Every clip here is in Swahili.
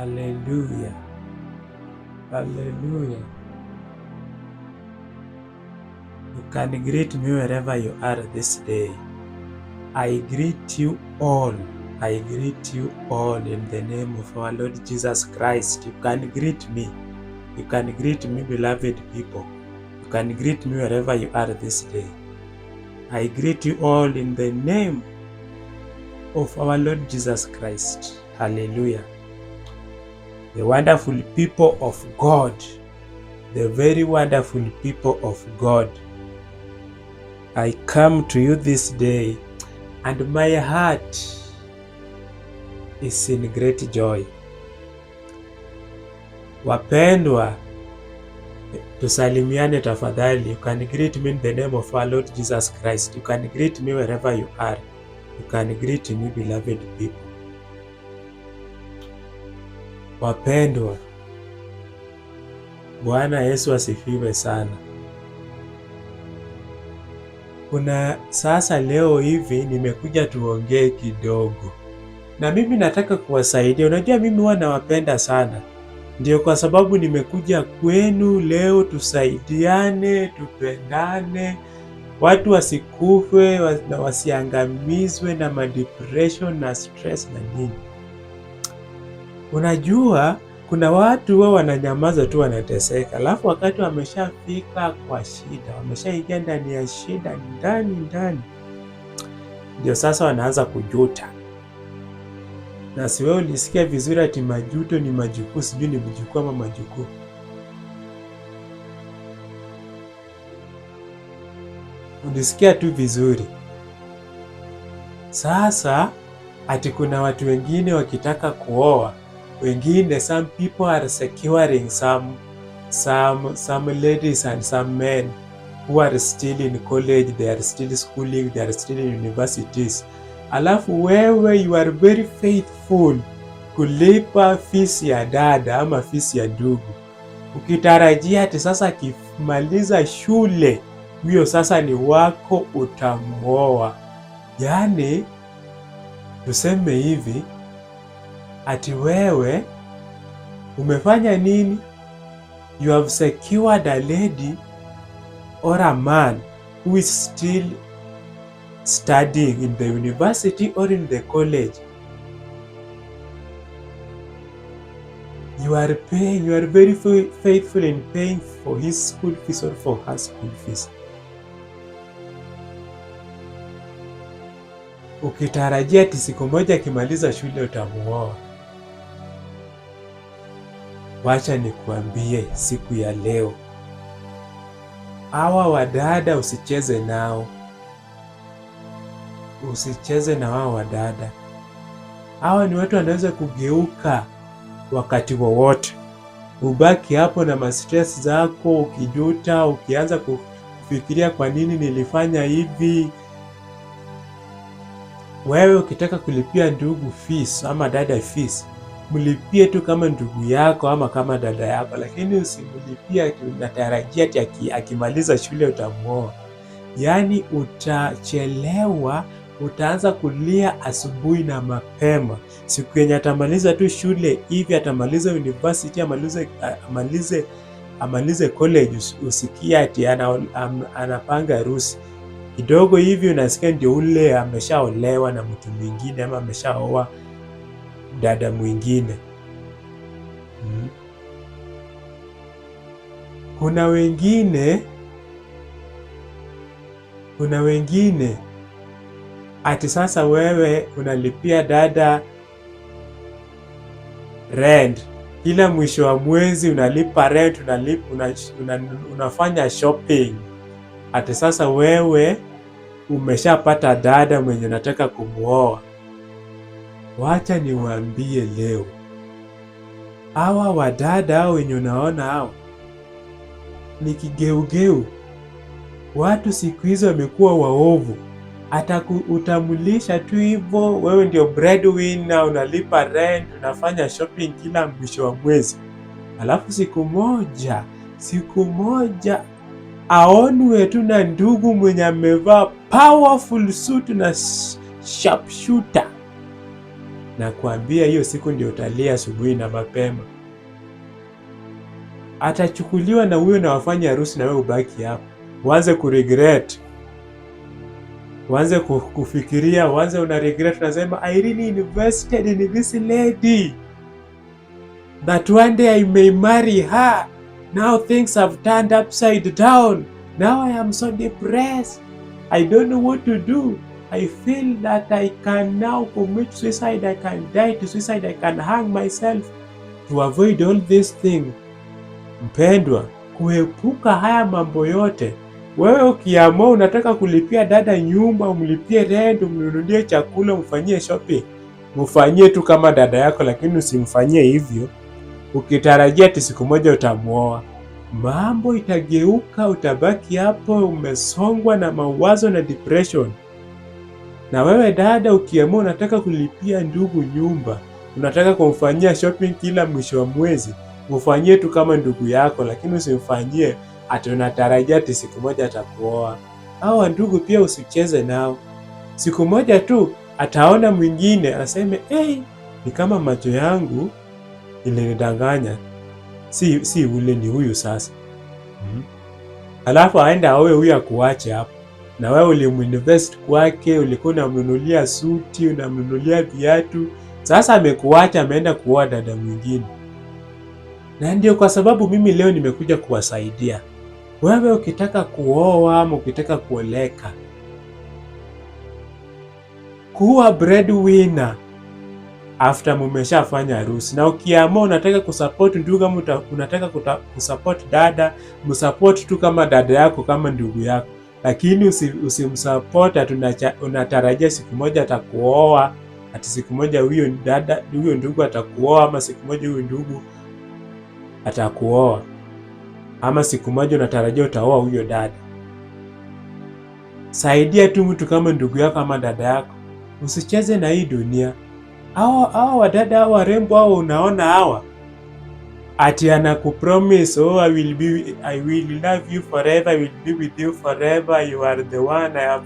Haleluya, haleluya. You can greet me wherever you are this day. I greet you all. I greet you all in the name of our Lord Jesus Christ. You can greet me. You can greet me, beloved people. You can greet me wherever you are this day. I greet you all in the name of our Lord Jesus Christ. Hallelujah. The wonderful people of God, the very wonderful people of God. I come to you this day and my heart is in great joy. Wapendwa, tusalimiane tafadhali. You can greet me in the name of our Lord Jesus Christ. You can greet me wherever you are. You can greet me, beloved people. Wapendwa, Bwana Yesu asifiwe sana. Kuna sasa, leo hivi nimekuja tuongee kidogo, na mimi nataka kuwasaidia. Unajua mimi huwa nawapenda sana, ndio kwa sababu nimekuja kwenu leo, tusaidiane, tupendane, watu wasikufe na wasiangamizwe na madepression na stress na nini. Unajua kuna watu wao wananyamaza tu, wanateseka, alafu wakati wameshafika kwa shida, wameshaingia ndani ya shida ndani ndani, ndio sasa wanaanza kujuta. Na si wewe ulisikia vizuri, ati majuto ni majukuu, sijui ni mjukuu ama majukuu. Ulisikia tu vizuri. Sasa ati kuna watu wengine wakitaka kuoa wengine, some people are securing some, some, some ladies and some men who are still in college, they are still schooling, they are still in universities. Alafu wewe you are very faithful kulipa fisi ya dada ama fisi ya ndugu, ukitarajia ati sasa akimaliza shule huyo sasa ni wako, utamwoa. Yaani tuseme hivi ati wewe umefanya nini? You have secured a lady or a man who is still studying in the university or in the college. You are paying, you are very faithful in paying for his school fees or for her school fees. Ukitarajia ati siku moja akimaliza shule utamuoa. Wacha nikuambie siku ya leo, hawa wadada usicheze nao, usicheze na hawa wadada. Hawa ni watu wanaweza kugeuka wakati wowote. Ubaki hapo na mastress zako, ukijuta, ukianza kufikiria kwa nini nilifanya hivi. Wewe ukitaka kulipia ndugu fees ama dada fees mlipie tu kama ndugu yako ama kama dada yako, lakini usimlipie unatarajia ati akimaliza shule utamwoa. Yaani utachelewa, utaanza kulia asubuhi na mapema. Siku yenye atamaliza tu shule hivi, atamaliza university, amalize amalize amalize college, usikia ati ana, am, anapanga harusi kidogo hivi, unasikia ndio ule ameshaolewa na mtu mwingine ama ameshaoa dada mwingine. Hmm. Kuna wengine kuna wengine ati sasa wewe unalipia dada rent kila mwisho wa mwezi unalipa rent, unalipa, una, una, unafanya shopping. Ati sasa wewe umeshapata dada mwenye unataka kumwoa. Wacha niwaambie leo, hawa wadada hao wenye unaona hao ni kigeugeu. Watu siku hizi wamekuwa waovu, atakutambulisha tu hivyo, wewe ndio breadwinner, unalipa rent, unafanya shopping kila mwisho wa mwezi, alafu siku moja siku moja aonwe tu na ndugu mwenye amevaa powerful suit na sharpshooter na kuambia hiyo siku ndio utalia asubuhi na mapema. Atachukuliwa na huyo na wafanya harusi, na wewe ubaki hapo, uanze regret. uanze kufikiria, uanze una regret, unasema I really invested in this lady that one day I may marry her. Now things have turned upside down. Now I am so depressed. I don't know what to do. I feel that I can now commit suicide, I can die to suicide, I can hang myself to avoid all this thing. Mpendwa, kuepuka haya mambo yote. Wewe ukiamua unataka kulipia dada nyumba, umlipie rent, umnunulie chakula, umfanyie shopping, mfanyie tu kama dada yako, lakini usimfanyie hivyo ukitarajia ati siku moja utamwoa Mambo itageuka, utabaki hapo umesongwa na mawazo na depression. Na wewe dada, ukiamua unataka kulipia ndugu nyumba, unataka kumfanyia shopping kila mwisho wa mwezi, mfanyie tu kama ndugu yako, lakini usimfanyie ati unatarajia ati siku moja atakuoa. Hawa ndugu pia usicheze nao. Siku moja tu ataona mwingine aseme, hey, ni kama macho yangu ilinidanganya, si si ule, ni huyu sasa. Hmm. Alafu aende aoe huyu akuache hapo na wewe ulimuinvest kwake, ulikuwa unamnunulia suti, unamnunulia viatu. Sasa amekuacha, ameenda kuoa dada mwingine. Na ndio kwa sababu mimi leo nimekuja kuwasaidia wewe, ukitaka kuoa ama ukitaka kuoleka, kuwa breadwinner after mumeshafanya harusi, na ukiamua unataka kusupport ndugu, kama unataka kusupport dada, msupport tu kama dada yako, kama ndugu yako lakini usimsupport usi unatarajia siku moja atakuoa, ati siku moja huyo dada huyo ndugu atakuoa, ama siku moja huyo ndugu atakuoa, ama siku moja unatarajia utaoa huyo dada. Saidia tu mtu kama ndugu yako ama dada yako, usicheze na hii dunia. Hawa hawa wadada hawa warembo hawa, unaona hawa ati ana anakupromise oh, I will be I will love you forever I will be with you forever you are the one I have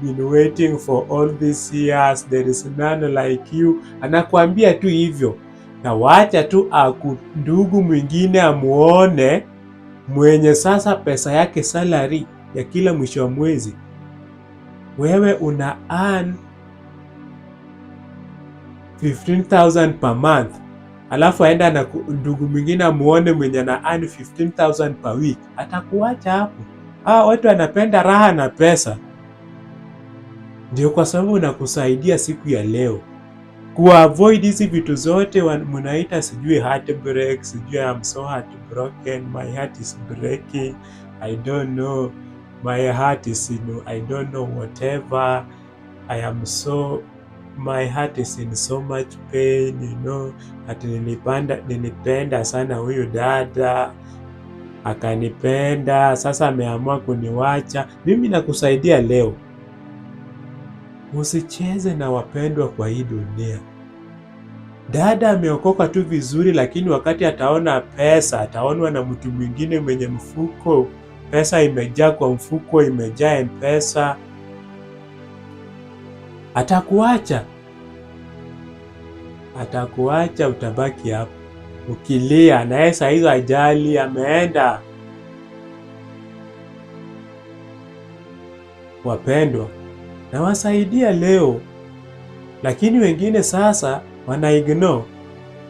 been waiting for all these years there is none like you. Anakuambia tu hivyo, na wacha tu aku ndugu mwingine amuone mwenye sasa pesa yake salary ya kila mwisho wa mwezi, wewe una earn 15000 per month alafu aenda na ndugu mwingine amuone mwenye na earn 15000 per week, atakuacha hapo. Ah, watu wanapenda raha na pesa, ndio kwa sababu nakusaidia siku ya leo kuavoid hizi vitu zote mnaita sijui heartbreak, sijui I'm so heartbroken, my heart is breaking, I don't know, my heart is you know, I don't know whatever, I am so My heart is in so much pain, you know. Ati nilipanda, nilipenda sana huyu dada akanipenda, sasa ameamua kuniwacha. Mimi nakusaidia leo, usicheze na wapendwa kwa hii dunia. Dada ameokoka tu vizuri, lakini wakati ataona pesa, ataonwa na mtu mwingine mwenye mfuko. Pesa imejaa kwa mfuko, imejaa mpesa pesa atakuacha, atakuacha, utabaki hapo ukilia naye. Saa hizo ajali ameenda. Wapendwa, nawasaidia leo, lakini wengine sasa wana ignore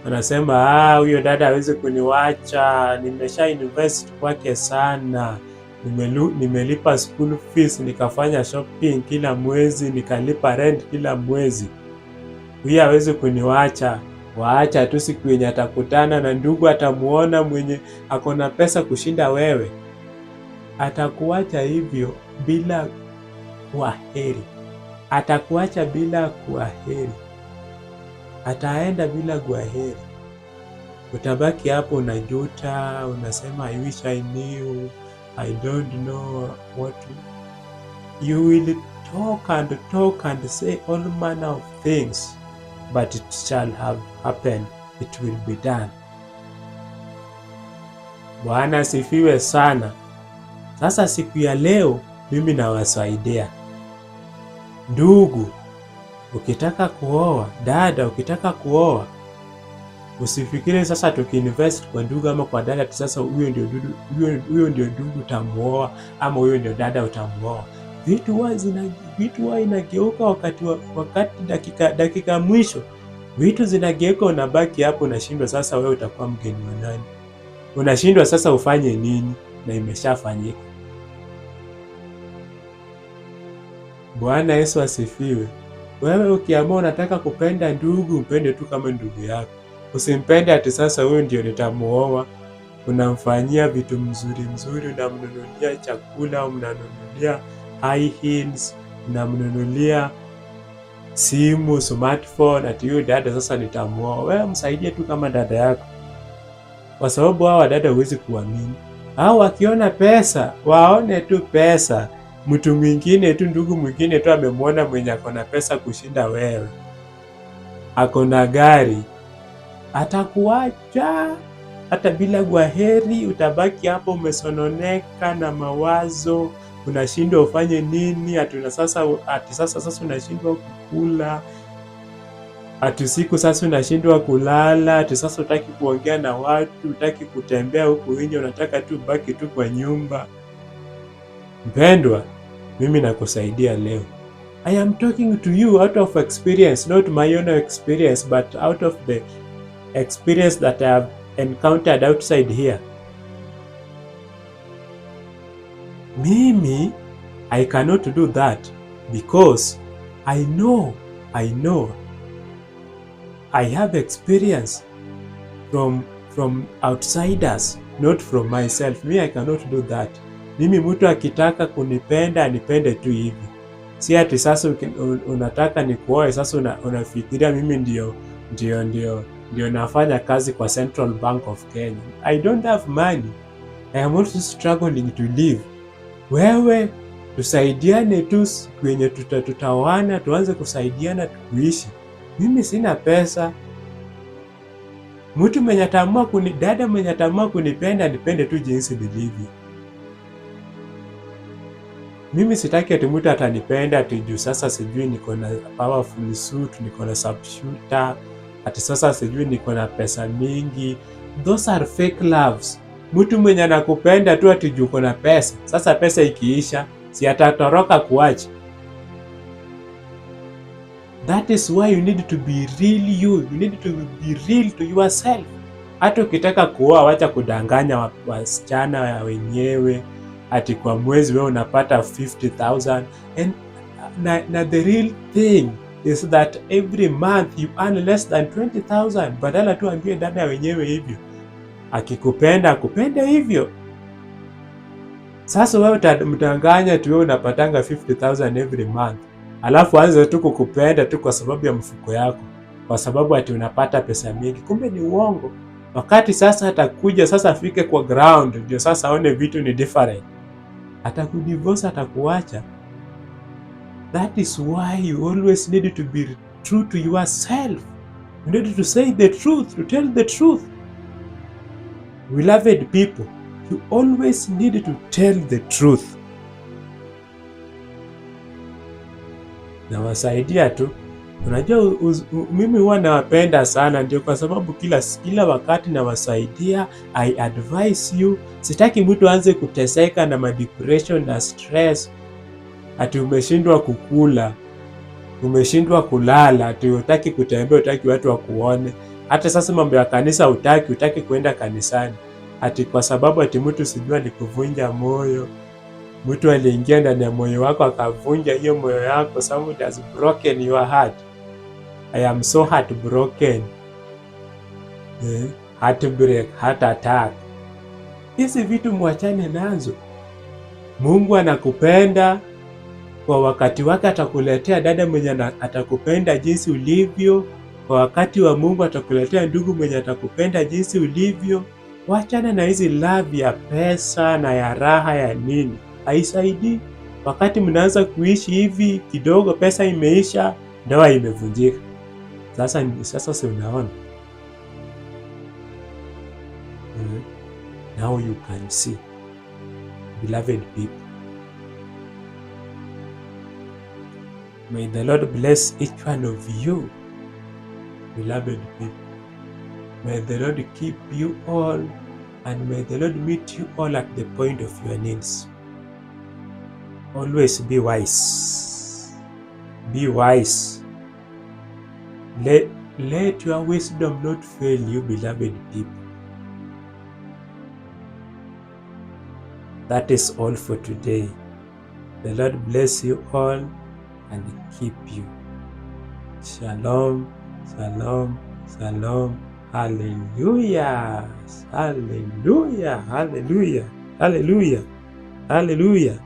wanasema, ah, huyo dada hawezi kuniwacha, nimesha invest kwake sana. Nimelu, nimelipa school fees, nikafanya shopping kila mwezi, nikalipa rent kila mwezi. huyu hawezi kuniwacha waacha tu, siku yenye atakutana na ndugu atamuona mwenye ako na pesa kushinda wewe, atakuacha hivyo bila kuaheri, atakuacha bila kuaheri, ataenda bila kuaheri. Utabaki hapo unajuta, unasema I wish I knew. I don't know what to... you will talk and talk and say all manner of things but it shall have happened, it will be done. Bwana sifiwe sana. Sasa siku ya leo mimi nawasaidia ndugu, ukitaka kuoa dada, ukitaka kuoa Usifikiri sasa tukiinvest kwa ndugu ama kwa dada sasa huyo ndio dudu, huyo ndio ndugu utamuoa ama huyo ndio dada utamuoa. Vitu huwa zina vitu huwa inageuka wakati wa, wakati dakika dakika mwisho vitu zinageuka, unabaki hapo, unashindwa sasa wewe utakuwa mgeni wa nani, unashindwa sasa ufanye nini, na imeshafanyika. Bwana Yesu asifiwe. Wewe ukiamua unataka kupenda ndugu, mpende tu kama ndugu yako. Usimpende ati sasa huyu ndio nitamuoa. Unamfanyia vitu mzuri mzuri, unamnunulia chakula, unamnunulia high heels, unamnunulia simu smartphone, ati huyu dada sasa nitamuoa. Wewe msaidie tu kama dada yako, kwa sababu hawa wadada huwezi kuamini. Hao wakiona pesa, waone tu pesa. Mtu mwingine tu, ndugu mwingine tu amemwona mwenye ako na pesa kushinda wewe, ako na gari atakuacha hata bila kwaheri. Utabaki hapo umesononeka na mawazo, unashindwa ufanye nini, ati sasa ati sasa sasa unashindwa kukula, ati usiku sasa unashindwa kulala, ati sasa utaki kuongea na watu, utaki kutembea huku nje, unataka tu baki tu kwa nyumba. Mpendwa, mimi nakusaidia leo. I am talking to you out of experience, not my own experience, but out of the experience that I have encountered outside here. Mimi, I cannot do that because I know, I know. I have experience from from outsiders, not from myself. Me, I cannot do that. Mimi mtu akitaka kunipenda anipende tu hivi, si ati sasa unataka nikuoe sasa unafikiria mimi ndio ndio ndio ndio nafanya kazi kwa Central Bank of Kenya. I don't have money. I am also struggling to live. Wewe tusaidiane tu, kwenye yenye tutawana tuanze kusaidiana tukuishi. Mimi sina pesa. Mtu mwenye tamaa kuni dada mwenye atamua kunipenda nipende tu jinsi nilivyo. Mimi sitaki ati mtu atanipenda ati juu sasa sijui niko na powerful suit, niko na sharpshooter ati sasa sijui niko na pesa mingi. Those are fake loves. Mtu mwenye anakupenda tu ati na pesa. Sasa pesa ikiisha, si atatoroka kuacha? That is why you need to be real you. You need to be real to yourself. Hata ukitaka kuoa, wacha kudanganya wasichana wenyewe ati kwa mwezi wewe unapata 50000 and na, na the real thing is that every month you earn less than 20,000. Badala tu ambie dada wenyewe hivyo, akikupenda akupende hivyo. Sasa wewe utamdanganya tu wewe unapatanga 50,000 every month, alafu anze tu kukupenda tu kwa sababu ya mfuko yako, kwa sababu ati unapata pesa mingi. Kumbe ni uongo. Wakati sasa atakuja sasa afike kwa ground ndio sasa aone vitu ni different, atakudivorce, atakuacha. That is why you always need to be true to yourself. You need to say the truth, to tell the truth. Beloved people, you always need to tell the truth. na wasaidia tu. Unajua uz, mimi huwa nawapenda sana, ndio kwa sababu kila kila wakati nawasaidia. I advise you, sitaki mtu aanze kuteseka na depression na stress ati umeshindwa kukula, umeshindwa kulala, ati utaki kutembea, utaki watu wakuone. Hata sasa mambo ya kanisa utaki utaki kuenda kanisani, ati kwa sababu ati mtu sijua alikuvunja moyo, mtu aliingia ndani ya moyo wako akavunja hiyo moyo yako. Somebody has broken your heart. I am so heartbroken. Eh, heartbreak, heart attack. Hizi vitu mwachane nazo. Mungu anakupenda. Kwa wakati wake atakuletea dada mwenye atakupenda jinsi ulivyo. Kwa wakati wa Mungu atakuletea ndugu mwenye atakupenda jinsi ulivyo. Wachana na hizi love ya pesa na ya raha ya nini, haisaidii. Wakati mnaanza kuishi hivi kidogo, pesa imeisha, ndoa imevunjika. Sasa sasa, si unaona? Eh. Now you can see beloved people May the Lord bless each one of you, beloved people. May the Lord keep you all, and may the Lord meet you all at the point of your needs. Always be wise. Be wise. Let, let your wisdom not fail you, beloved people. That is all for today. The Lord bless you all and keep you. Shalom, shalom, shalom. Hallelujah, hallelujah, hallelujah, hallelujah, hallelujah.